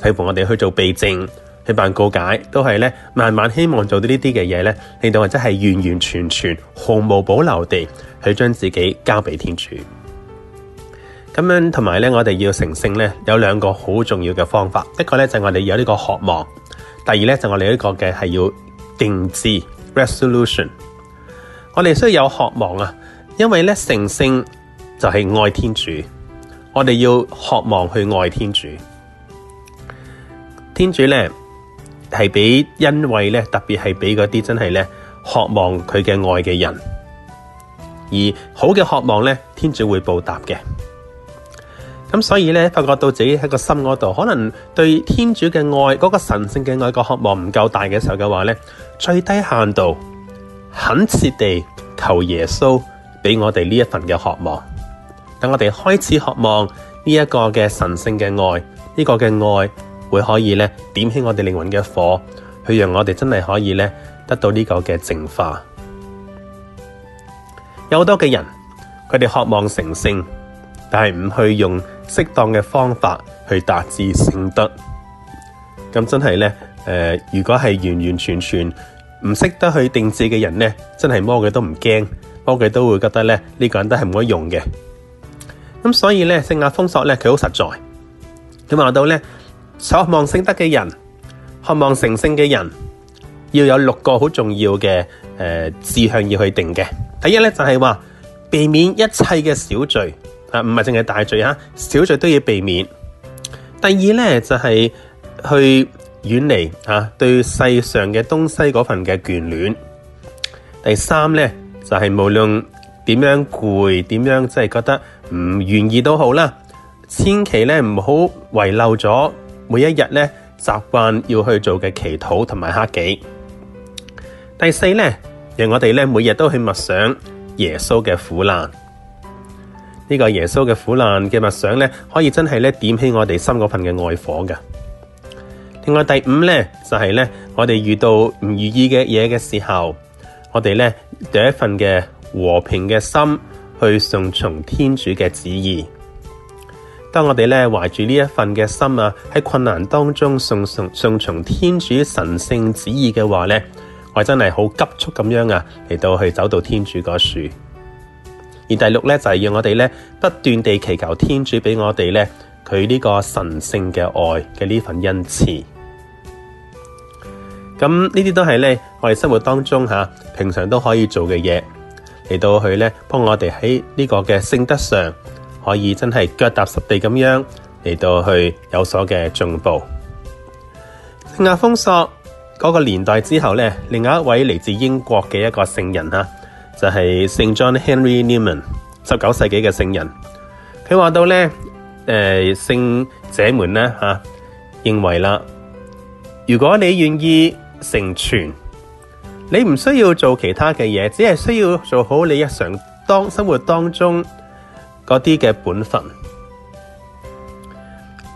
希望我哋去做備證去辦告解，都係咧慢慢希望做到這些呢啲嘅嘢咧，令到我真係完完全全毫無保留地去將自己交俾天主。咁樣同埋咧，我哋要成聖咧，有兩個好重要嘅方法。一個咧就係我哋有呢個渴望；第二咧就係我哋呢個嘅係要定志 resolution。我哋需要有渴望啊！因為咧，神聖就係愛天主，我哋要渴望去愛天主。天主咧係俾恩惠咧，特別係俾嗰啲真係咧渴望佢嘅愛嘅人，而好嘅渴望咧，天主會報答嘅。咁所以咧，發覺到自己喺個心嗰度，可能對天主嘅愛嗰個神聖嘅愛嘅渴望唔夠大嘅時候嘅話咧，最低限度懇切地求耶穌。俾我哋呢一份嘅渴望，等我哋開始渴望呢一個嘅神聖嘅愛，呢、這個嘅愛會可以呢點起我哋靈魂嘅火，去讓我哋真係可以呢得到呢個嘅淨化。有好多嘅人，佢哋渴望成聖，但係唔去用適當嘅方法去達至聖德。咁真係呢、呃，如果係完完全全唔識得去定制嘅人呢，真係摸佢都唔驚。我佢都會覺得咧，呢、這個人都係冇乜用嘅。咁所以咧，聖亞封鎖咧，佢好實在。咁話到咧，渴望聖德嘅人，渴望成聖嘅人，要有六個好重要嘅誒、呃、志向要去定嘅。第一咧就係、是、話避免一切嘅小罪啊，唔係淨係大罪啊，小罪都要避免。第二咧就係、是、去遠離啊，對世上嘅東西嗰份嘅眷戀。第三咧。就係無論點樣攰，點樣即係覺得唔願意都好啦，千祈咧唔好遺漏咗每一日咧習慣要去做嘅祈禱同埋克己。第四呢，讓我哋呢每日都去默想耶穌嘅苦難。呢個耶穌嘅苦難嘅默想呢，可以真係咧點起我哋心嗰份嘅愛火嘅。另外第五呢就係呢我哋遇到唔如意嘅嘢嘅時候。我哋咧，第一份嘅和平嘅心去順從天主嘅旨意。當我哋咧懷住呢一份嘅心啊，喺困難當中順順順從天主神聖旨意嘅話咧，我真係好急速咁樣啊，嚟到去走到天主個樹。而第六咧就係、是、要我哋咧不斷地祈求天主俾我哋咧佢呢個神聖嘅愛嘅呢份恩賜。咁呢啲都係咧，我哋生活當中吓、啊，平常都可以做嘅嘢嚟到去咧，幫我哋喺呢個嘅性德上，可以真係腳踏實地咁樣嚟到去有所嘅進步。聖亞封索嗰個年代之後咧，另外一位嚟自英國嘅一個聖人吓、啊，就係、是、聖 John Henry Newman，十九世紀嘅聖人。佢話到咧，誒、呃，聖者們咧吓、啊，認為啦，如果你願意。成全，你唔需要做其他嘅嘢，只係需要做好你日常當生活當中嗰啲嘅本分。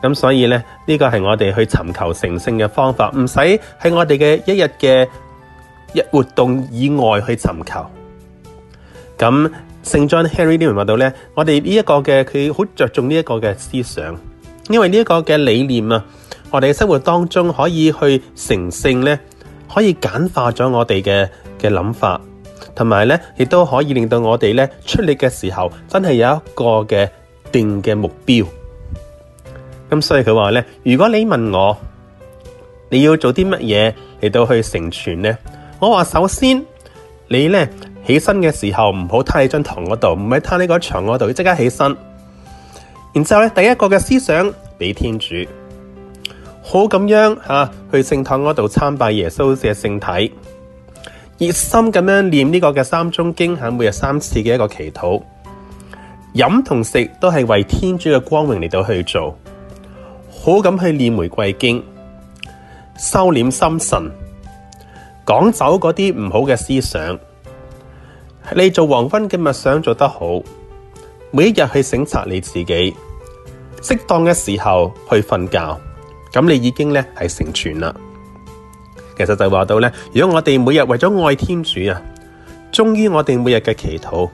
咁所以咧，呢個係我哋去尋求成聖嘅方法，唔使喺我哋嘅一日嘅一活動以外去尋求。咁聖約翰 Henry 呢邊話到咧，我哋呢一個嘅佢好着重呢一個嘅思想，因為呢一個嘅理念啊，我哋生活當中可以去成聖咧。可以簡化咗我哋嘅嘅諗法，同埋咧亦都可以令到我哋咧出力嘅時候真係有一個嘅定嘅目標。咁所以佢話咧，如果你問我你要做啲乜嘢嚟到去成全咧，我話首先你咧起身嘅時候唔好攤喺張牀嗰度，唔係攤喺個牆嗰度，要即刻起身。然之後咧，第一個嘅思想俾天主。好咁樣吓、啊、去聖堂嗰度參拜耶穌嘅聖體，熱心咁樣念呢個嘅三鐘經，係每日三次嘅一個祈禱。飲同食都係為天主嘅光榮嚟到去做。好咁，去念玫瑰經，收斂心神，趕走嗰啲唔好嘅思想。你做黃昏嘅默想做得好，每一日去省察你自己，適當嘅時候去瞓覺。你已經咧係成全喇。其實就話到呢，如果我哋每日為咗愛天主啊，忠於我哋每日嘅祈禱，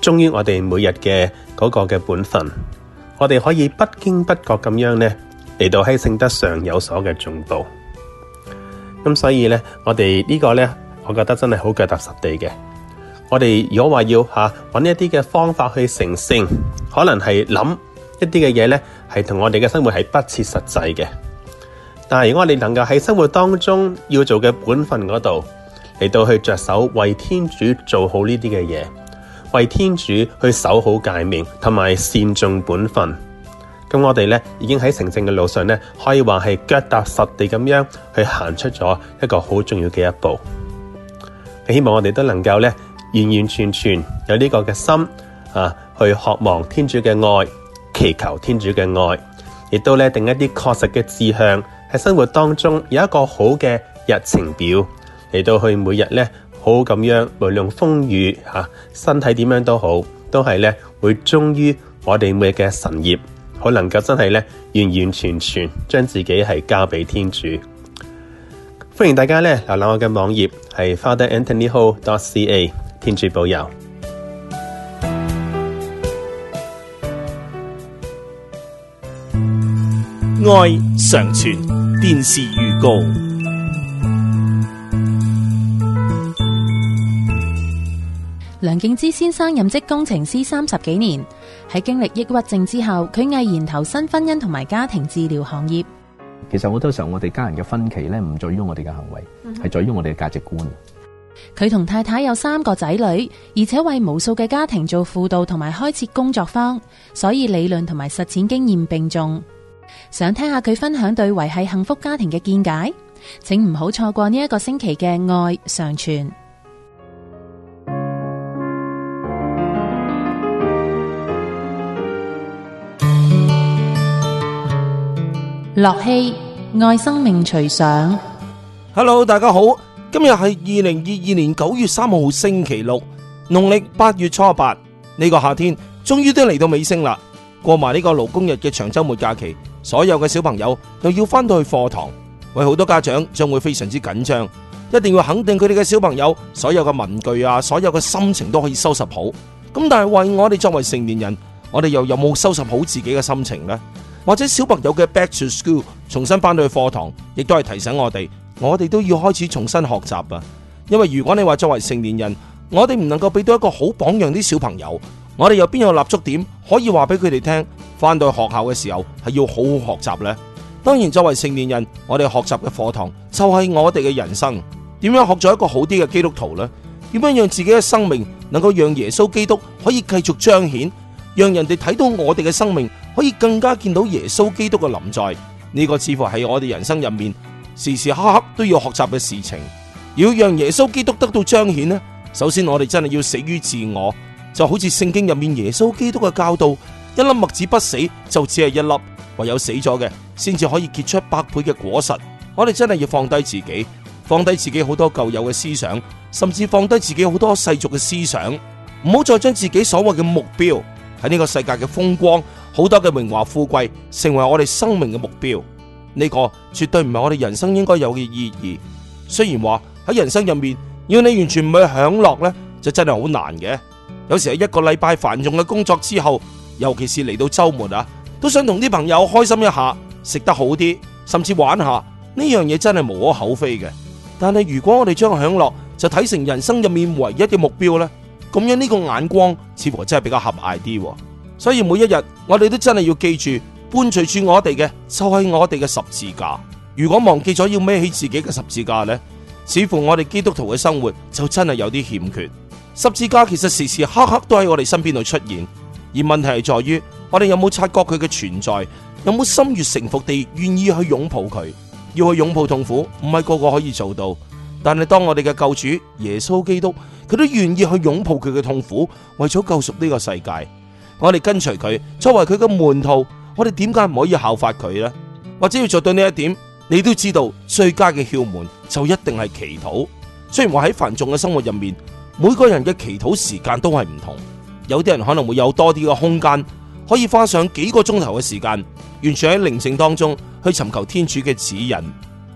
忠於我哋每日嘅嗰個嘅本分，我哋可以不經不覺咁樣呢，嚟到喺聖德上有所嘅進步。咁所以呢，我哋呢個呢，我覺得真係好腳踏實地嘅。我哋如果話要、啊、找揾一啲嘅方法去成聖，可能係諗一啲嘅嘢咧，係同我哋嘅生活係不切實際嘅。但係，如果我哋能夠喺生活當中要做嘅本分嗰度嚟到去着手為天主做好呢啲嘅嘢，為天主去守好誡命，同埋善盡本分，咁我哋咧已經喺成聖嘅路上咧，可以話係腳踏實地咁樣去行出咗一個好重要嘅一步。希望我哋都能夠咧完完全全有呢個嘅心啊，去渴望天主嘅愛。祈求天主嘅愛，亦都咧定一啲確實嘅志向，喺生活當中有一個好嘅日程表，嚟到去每日咧好好咁樣，無論風雨吓，身體點樣都好，都係咧會忠於我哋每日嘅神業，好能夠真係咧完完全全將自己係交俾天主。歡迎大家咧瀏覽我嘅網頁，係 Father Anthony Ho dot C A，天主保佑。
愛常傳電視預告。
梁敬之先生任職工程師三十幾年，喺經歷抑鬱症之後，佢毅然投身婚姻同埋家庭治療行業。
其實好多時候，我哋家人嘅分歧咧，唔在於我哋嘅行為，係在於我哋嘅價值觀。
佢同、嗯、哼太太有三個仔女，而且為無數嘅家庭做輔導同埋開設工作坊，所以理論同埋實踐經驗並重。想聽下佢分享對維係幸福家庭嘅見解，請唔好錯過呢一個星期嘅愛上傳。樂熙愛生命隨上。
Hello，大家好，今日係二零二二年九月三號星期六，農曆八月初八。呢個夏天終於都嚟到尾聲啦。過埋呢個勞工日嘅長周末假期，所有嘅小朋友又要翻到去課堂，為好多家長將會非常之緊張，一定要肯定佢哋嘅小朋友所有嘅文具啊，所有嘅心情都可以收拾好。咁但係為我哋作為成年人，我哋又有冇收拾好自己嘅心情呢？或者小朋友嘅 back to school，重新翻到去課堂，亦都係提醒我哋，我哋都要開始重新學習啊。因為如果你話作為成年人，我哋唔能夠俾到一個好榜樣啲小朋友。我哋有邊有立足點可以話俾佢哋聽，翻到學校嘅時候係要好好學習呢。當然，作為成年人，我哋學習嘅課堂就係我哋嘅人生。點樣學咗一個好啲嘅基督徒呢？點樣讓自己嘅生命能夠讓耶穌基督可以繼續彰顯，讓人哋睇到我哋嘅生命可以更加見到耶穌基督嘅臨在？呢個似乎係我哋人生入面時時刻刻都要學習嘅事情。要讓耶穌基督得到彰顯呢，首先我哋真係要死於自我。就好似聖經入面耶穌基督嘅教導，一粒麥子不死就只係一粒，唯有死咗嘅，先至可以結出百倍嘅果實。我哋真係要放低自己，放低自己好多舊有嘅思想，甚至放低自己好多世俗嘅思想，唔好再將自己所謂嘅目標喺呢個世界嘅風光，好多嘅榮華富貴，成為我哋生命嘅目標。呢個絕對唔係我哋人生應該有嘅意義。雖然話喺人生入面，要你完全唔去享樂呢，就真係好難嘅。有時喺一個禮拜繁重嘅工作之後，尤其是嚟到周末啊，都想同啲朋友開心一下，食得好啲，甚至玩下。呢樣嘢真係無可厚非嘅。但係如果我哋將享樂就睇成人生入面唯一嘅目標呢，咁樣呢個眼光似乎真係比較狹隘啲。所以每一日我哋都真係要記住，伴隨住我哋嘅就係我哋嘅十字架。如果忘記咗要孭起自己嘅十字架呢，似乎我哋基督徒嘅生活就真係有啲欠缺。十字架其實時時刻刻都喺我哋身邊度出現，而問題係在於我哋有冇察覺佢嘅存在，有冇心悅誠服地願意去擁抱佢，要去擁抱痛苦，唔係個個可以做到。但係當我哋嘅救主耶穌基督，佢都願意去擁抱佢嘅痛苦，為咗救贖呢個世界。我哋跟隨佢，作為佢嘅門徒，我哋點解唔可以效法佢呢？或者要做到呢一點，你都知道最佳嘅竅門就一定係祈禱。雖然話喺繁重嘅生活入面。每個人嘅祈禱時間都係唔同，有啲人可能會有多啲嘅空間，可以花上幾個鐘頭嘅時間，完全喺寧靜當中去尋求天主嘅指引，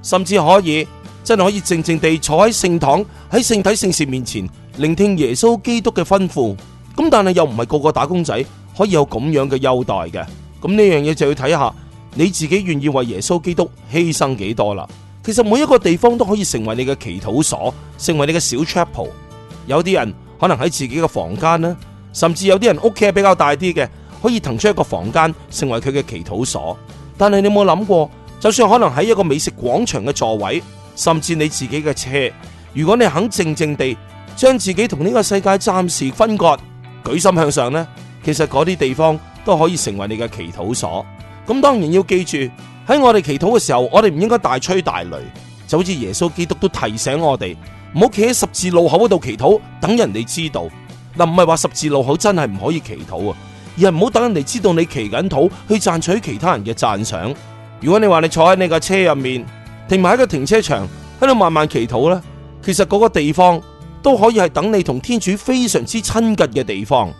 甚至可以真係可以靜靜地坐喺聖堂喺聖體聖事面前聆聽耶穌基督嘅吩咐。咁但係又唔係個個打工仔可以有咁樣嘅優待嘅，咁呢樣嘢就要睇下你自己願意為耶穌基督犧牲幾多啦。其實每一個地方都可以成為你嘅祈禱所，成為你嘅小 chapel。有啲人可能喺自己嘅房間啦，甚至有啲人屋企比較大啲嘅，可以騰出一個房間成為佢嘅祈禱所。但係你有冇諗過，就算可能喺一個美食廣場嘅座位，甚至你自己嘅車，如果你肯靜靜地將自己同呢個世界暫時分割，舉心向上咧，其實嗰啲地方都可以成為你嘅祈禱所。咁當然要記住，喺我哋祈禱嘅時候，我哋唔應該大吹大擂，就好似耶穌基督都提醒我哋。唔好企喺十字路口嗰度祈禱，等人哋知道。嗱，唔係話十字路口真係唔可以祈禱啊，而係唔好等人哋知道你祈緊禱，去賺取其他人嘅讚賞。如果你話你坐喺你架車入面，停埋喺個停車場，喺度慢慢祈禱咧，其實嗰個地方都可以係等你同天主非常之親近嘅地方。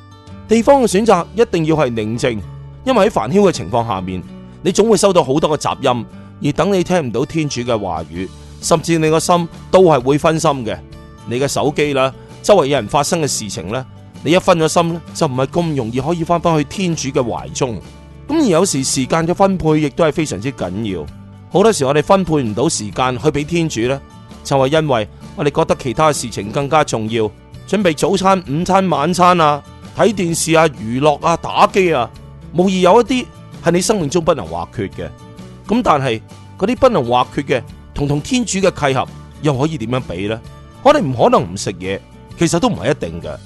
地方嘅選擇一定要係寧靜，因為喺煩囂嘅情況下面，你總會收到好多嘅雜音，而等你聽唔到天主嘅話語。甚至你個心都係會分心嘅，你嘅手機啦，周圍有人發生嘅事情呢，你一分咗心呢，就唔係咁容易可以翻返去天主嘅懷中。咁而有時時間嘅分配亦都係非常之緊要，好多時我哋分配唔到時間去俾天主呢，就係因為我哋覺得其他嘅事情更加重要，準備早餐、午餐、晚餐啊，睇電視啊、娛樂啊、打機啊，無疑有一啲係你生命中不能或缺嘅。咁但係嗰啲不能或缺嘅。同同天主嘅契合又可以點樣比呢？我哋唔可能唔食嘢，其實都唔係一定嘅。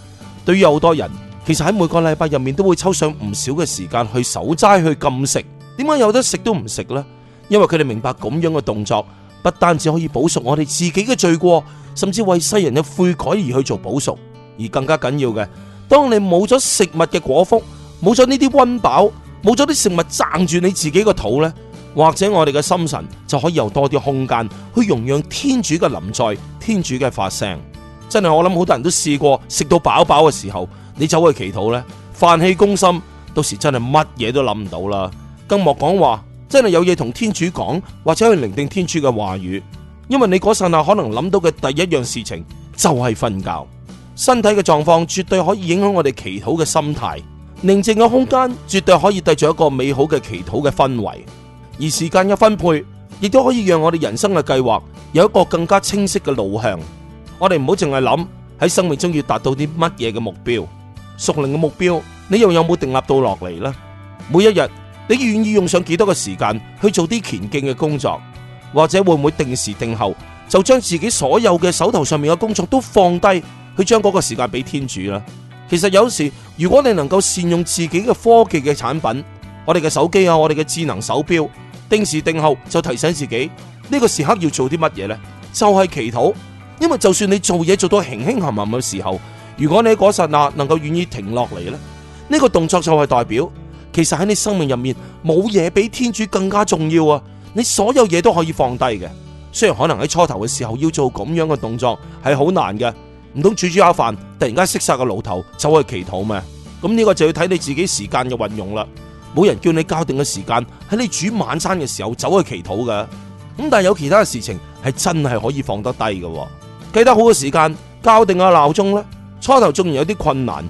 對於好多人，其實喺每個禮拜入面都會抽上唔少嘅時間去守齋、去禁食。點解有得食都唔食呢？因為佢哋明白咁樣嘅動作，不單止可以補贖我哋自己嘅罪過，甚至為世人嘅悔改而去做補贖。而更加緊要嘅，當你冇咗食物嘅果腹，冇咗呢啲溫飽，冇咗啲食物撐住你自己個肚呢。或者我哋嘅心神就可以有多啲空間去容讓天主嘅臨在，天主嘅發聲。真係我諗好多人都試過食到飽飽嘅時候，你走去祈禱呢，飯氣攻心，到時真係乜嘢都諗唔到啦。更莫講話真係有嘢同天主講，或者去聆聽天主嘅話語，因為你嗰剎那時候可能諗到嘅第一樣事情就係瞓覺。身體嘅狀況絕對可以影響我哋祈禱嘅心態，寧靜嘅空間絕對可以帶着一個美好嘅祈禱嘅氛圍。而時間嘅分配，亦都可以讓我哋人生嘅計劃有一個更加清晰嘅路向。我哋唔好淨係諗喺生命中要達到啲乜嘢嘅目標，屬靈嘅目標你又有冇定立到落嚟呢？每一日你願意用上幾多嘅時間去做啲前進嘅工作，或者會唔會定時定候就將自己所有嘅手頭上面嘅工作都放低，去將嗰個時間俾天主呢？其實有時如果你能夠善用自己嘅科技嘅產品。我哋嘅手機啊，我哋嘅智能手表定時定候就提醒自己呢、這個時刻要做啲乜嘢呢？就係、是、祈禱，因為就算你做嘢做到輕輕含含嘅時候，如果你嗰剎那能夠願意停落嚟呢，呢、這個動作就係代表其實喺你生命入面冇嘢比天主更加重要啊。你所有嘢都可以放低嘅，雖然可能喺初頭嘅時候要做咁樣嘅動作係好難嘅，唔通煮煮下飯突然間熄晒個爐頭走去祈禱咩？咁呢個就要睇你自己時間嘅運用啦。冇人叫你交定嘅時間喺你煮晚餐嘅時候走去祈禱嘅，咁但係有其他嘅事情係真係可以放得低嘅，計得好嘅時間，交定個鬧鐘啦。初頭縱然有啲困難，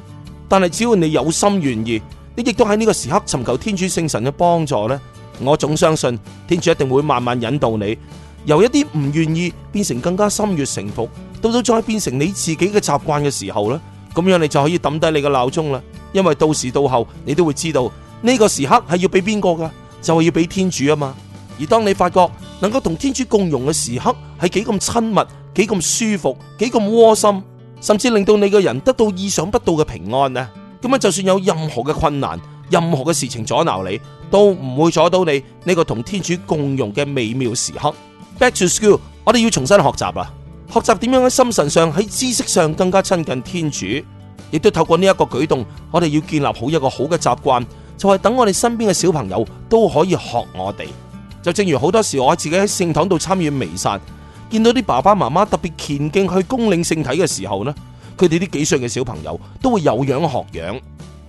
但係只要你有心願意，你亦都喺呢個時刻尋求天主聖神嘅幫助咧。我總相信天主一定會慢慢引導你，由一啲唔願意變成更加心悅誠服，到到再變成你自己嘅習慣嘅時候咧，咁樣你就可以抌低你嘅鬧鐘啦。因為到時到後你都會知道。呢個時刻係要俾邊個噶？就係要俾天主啊嘛！而當你發覺能夠同天主共融嘅時刻係幾咁親密、幾咁舒服、幾咁窩心，甚至令到你個人得到意想不到嘅平安呢？咁樣，就算有任何嘅困難、任何嘅事情阻撓你，都唔會阻到你呢個同天主共融嘅美妙時刻。Back to school，我哋要重新學習啦，學習點樣喺心神上、喺知識上更加親近天主，亦都透過呢一個舉動，我哋要建立好一個好嘅習慣。就係等我哋身邊嘅小朋友都可以學我哋，就正如好多時我自己喺聖堂度參與彌撒，見到啲爸爸媽媽特別虔敬去恭領聖體嘅時候呢，佢哋啲幾歲嘅小朋友都會有樣學樣，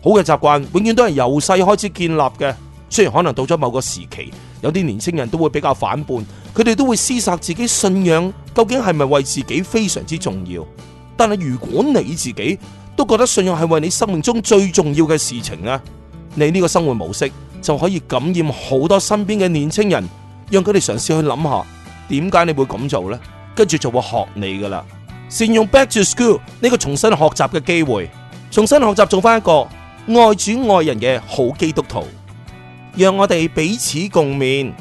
好嘅習慣永遠都係由細開始建立嘅。雖然可能到咗某個時期，有啲年輕人都會比較反叛，佢哋都會思索自己信仰究竟係咪為自己非常之重要。但係如果你自己都覺得信仰係為你生命中最重要嘅事情呢。你呢個生活模式就可以感染好多身邊嘅年輕人，讓佢哋嘗試去諗下，點解你會咁做呢？跟住就會學你噶啦。善用 Back to School 呢個重新學習嘅機會，重新學習做翻一個愛主愛人嘅好基督徒，讓我哋彼此共勉。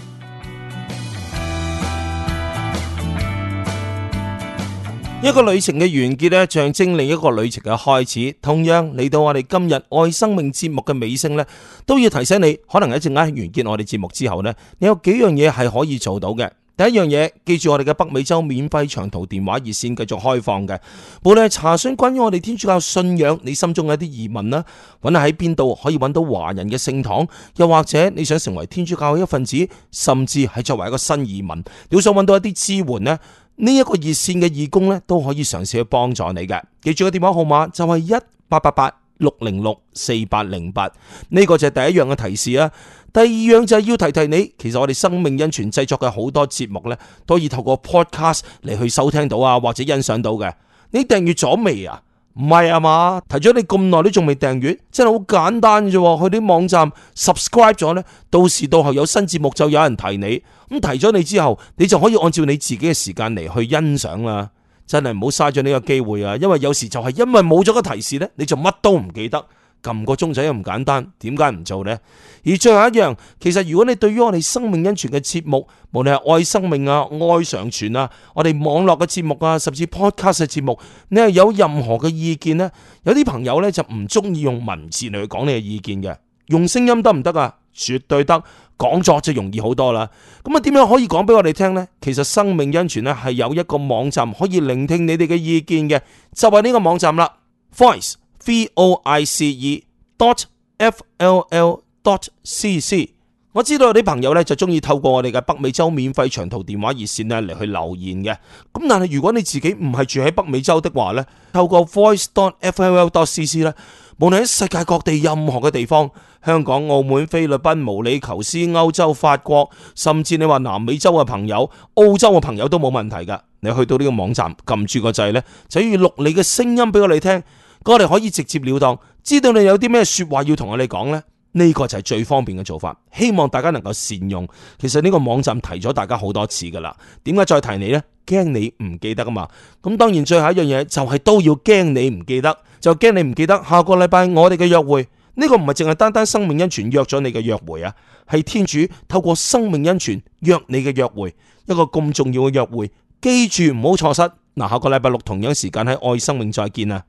一個旅程嘅完結呢，象徵另一個旅程嘅開始。同樣嚟到我哋今日愛生命節目嘅尾聲呢，都要提醒你，可能一陣間完結我哋節目之後呢，你有幾樣嘢係可以做到嘅。第一樣嘢，記住我哋嘅北美洲免費長途電話熱線繼續開放嘅，無論係查詢關於我哋天主教信仰，你心中嘅一啲疑問啦，揾下喺邊度可以揾到華人嘅聖堂，又或者你想成為天主教嘅一份子，甚至係作為一個新移民，你想揾到一啲支援呢。呢一個熱線嘅義工咧，都可以嘗試去幫助你嘅，記住個電話號碼就係一八八八六零六四八零八，呢個就係第一樣嘅提示啊。第二樣就係要提提你，其實我哋生命恩泉製作嘅好多節目咧，都可以透過 podcast 嚟去收聽到啊，或者欣賞到嘅。你訂閱咗未啊？唔係啊嘛，提咗你咁耐都仲未訂閱，真係好簡單啫。去啲網站 subscribe 咗呢，到時到後有新節目就有人提你。咁提咗你之後，你就可以按照你自己嘅時間嚟去欣賞啦。真係唔好嘥咗呢個機會啊！因為有時就係因為冇咗個提示呢，你就乜都唔記得。撳個鐘仔又唔簡單，點解唔做呢？而最後一樣，其實如果你對於我哋生命恩泉嘅節目，無論係愛生命啊、愛上傳啊，我哋網絡嘅節目啊，甚至 podcast 嘅節目，你係有任何嘅意見呢？有啲朋友呢，就唔中意用文字嚟去講你嘅意見嘅，用聲音得唔得啊？絕對得，講作就容易好多啦。咁啊，點樣可以講俾我哋聽呢？其實生命恩泉呢係有一個網站可以聆聽你哋嘅意見嘅，就係呢個網站啦，Voice。voice.dot.f.l.l.dot.c.c，我知道有啲朋友咧就中意透過我哋嘅北美洲免費長途電話熱線咧嚟去留言嘅。咁但係如果你自己唔係住喺北美洲的話咧，透過 voice.dot.f.l.l.dot.c.c 咧，無論喺世界各地任何嘅地方，香港、澳門、菲律賓、毛里求斯、歐洲、法國，甚至你話南美洲嘅朋友、澳洲嘅朋友都冇問題噶。你去到呢個網站撳住個掣咧，就要錄你嘅聲音俾我哋聽。我哋可以直接了當，知道你有啲咩說話要同我哋講呢？呢個就係最方便嘅做法。希望大家能夠善用。其實呢個網站提咗大家好多次噶啦，點解再提你呢？驚你唔記得啊嘛。咁當然最後一樣嘢就係都要驚你唔記得，就驚你唔記得下個禮拜我哋嘅約會，呢個唔係淨係單單生命恩泉約咗你嘅約會啊，係天主透過生命恩泉約你嘅約會，一個咁重要嘅約會，記住唔好錯失。嗱，下個禮拜六同樣時間喺愛生命再見啊！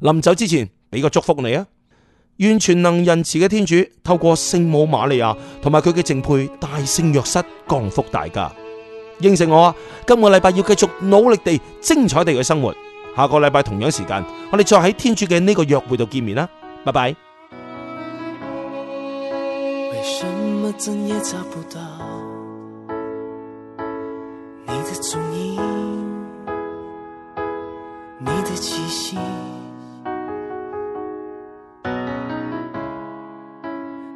臨走之前，俾個祝福你啊！完全能仁慈嘅天主透過聖母瑪利亞同埋佢嘅淨配大聖若瑟降福大家。應承我啊，今個禮拜要繼續努力地、精彩地去生活。下個禮拜同樣時間，我哋再喺天主嘅呢個約會度見面啦。拜拜。
為什麼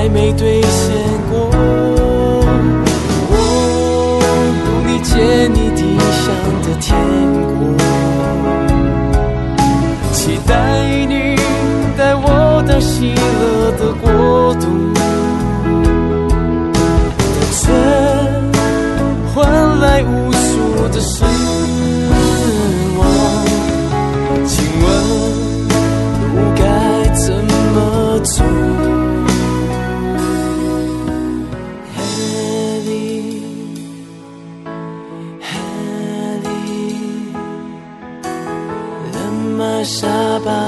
還沒兌現。